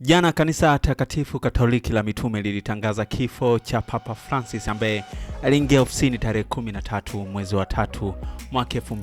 Jana kanisa takatifu Katoliki la Mitume lilitangaza kifo cha Papa Francis ambaye aliingia ofisini tarehe 13 mwezi wa tatu mwaka elfu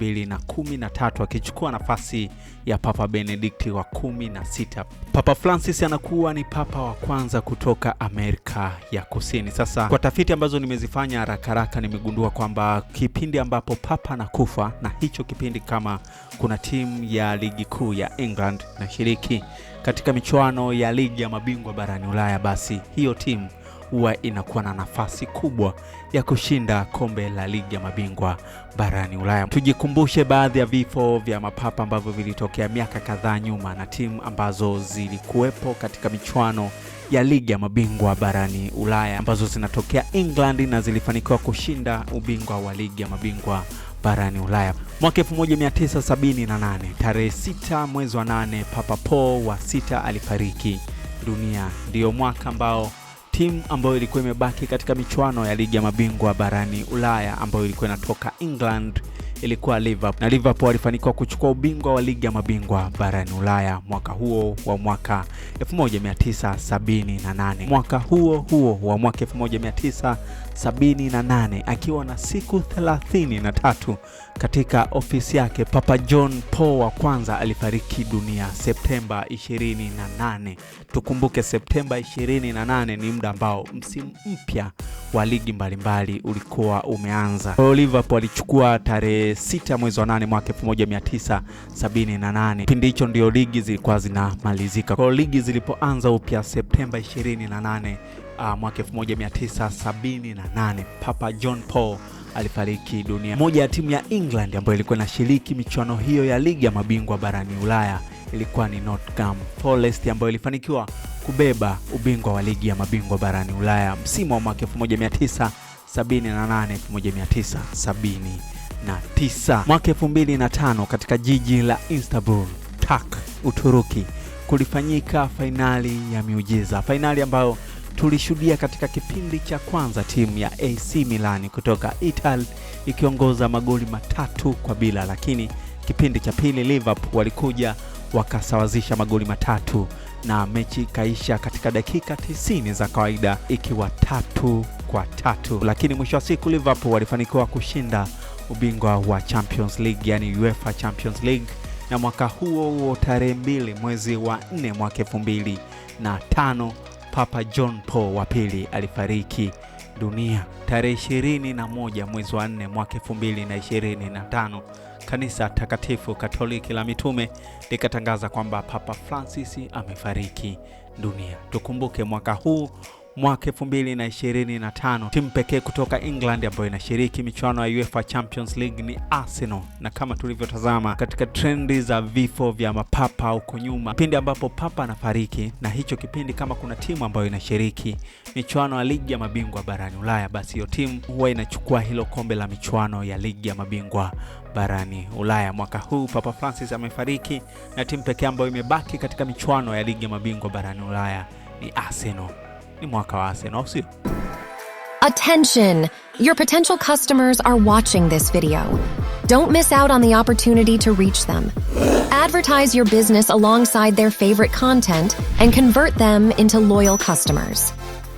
na tatu akichukua nafasi ya Papa Benedikti wa kumi sita. Papa Francis anakuwa ni papa wa kwanza kutoka Amerika ya Kusini. Sasa kwa tafiti ambazo nimezifanya haraka haraka, nimegundua kwamba kipindi ambapo papa anakufa, na hicho kipindi kama kuna timu ya ligi kuu ya England na shiriki katika michuano ya ligi ya mabingwa barani Ulaya, basi hiyo timu huwa inakuwa na nafasi kubwa ya kushinda kombe la ligi ya mabingwa barani Ulaya. Tujikumbushe baadhi ya vifo vya mapapa ambavyo vilitokea miaka kadhaa nyuma na timu ambazo zilikuwepo katika michuano ya ligi ya mabingwa barani Ulaya ambazo zinatokea England na zilifanikiwa kushinda ubingwa wa ligi ya mabingwa barani Ulaya mwaka 1978. Tarehe 6 mwezi wa 8 Papa Paul wa sita alifariki dunia. Ndiyo mwaka ambao timu ambayo ilikuwa imebaki katika michuano ya ligi ya mabingwa barani Ulaya ambayo ilikuwa inatoka England ilikuwa Liverpool na Liverpool walifanikiwa kuchukua ubingwa wa ligi ya mabingwa barani Ulaya mwaka huo wa mwaka 1978. Mwaka huo huo wa mwaka 1978 akiwa na siku 33 katika ofisi yake, Papa John Paul wa kwanza alifariki dunia Septemba 28. Tukumbuke Septemba 28 ni muda ambao msimu mpya wa ligi mbalimbali ulikuwa umeanza. Liverpool alichukua tarehe sita mwezi wa nane mwaka 1978. Kipindi hicho ndio ligi zilikuwa zinamalizika. Kwa ligi zilipoanza upya Septemba 28 uh, ah, mwaka 1978 Papa John Paul alifariki dunia. Moja ya timu ya England ambayo ilikuwa inashiriki michuano hiyo ya ligi ya mabingwa barani Ulaya ilikuwa ni Nottingham Forest ambayo ilifanikiwa kubeba ubingwa wa ligi ya mabingwa barani Ulaya msimu wa mwaka 1978 1979. Mwaka tano katika jiji la Istanbul, TAK Uturuki, kulifanyika fainali ya miujiza, fainali ambayo tulishuhudia katika kipindi cha kwanza timu ya AC Milan kutoka Italy ikiongoza magoli matatu kwa bila, lakini kipindi cha pili Liverpool walikuja wakasawazisha magoli matatu na mechi ikaisha katika dakika 90 za kawaida ikiwa tatu kwa tatu, lakini mwisho wa siku Liverpool walifanikiwa kushinda ubingwa wa Champions League, yani UEFA Champions League, na mwaka huo huo tarehe mbili mwezi wa nne mwaka elfu mbili na tano Papa John Paul wa pili alifariki dunia tarehe 21 mwezi wa nne mwaka tano kanisa takatifu Katoliki la Mitume likatangaza kwamba Papa Francis amefariki dunia. Tukumbuke mwaka huu mwaka tano. Timu pekee kutoka England ambayo inashiriki michuano ya UEFA Champions League ni Arsenal, na kama tulivyotazama katika trendi za vifo vya mapapa huko nyuma, kipindi ambapo papa anafariki na hicho kipindi, kama kuna timu ambayo inashiriki michuano ya ligi ya mabingwa barani Ulaya, basi hiyo timu huwa inachukua hilo kombe la michuano ya ligi ya mabingwa barani Ulaya. Mwaka huu Papa Francis amefariki na timu pekee ambayo imebaki katika michuano ya ligi ya mabingwa barani Ulaya ni Arsenal. ni mwaka wa Attention! Your potential customers are watching this video. Don't miss out on the opportunity to reach them. Advertise your business alongside their favorite content and convert them into loyal customers.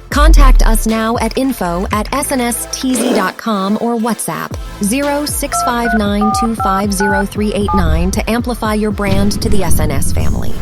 Contact us now at info at snstz.com or WhatsApp 0659250389 to amplify your brand to the SNS family.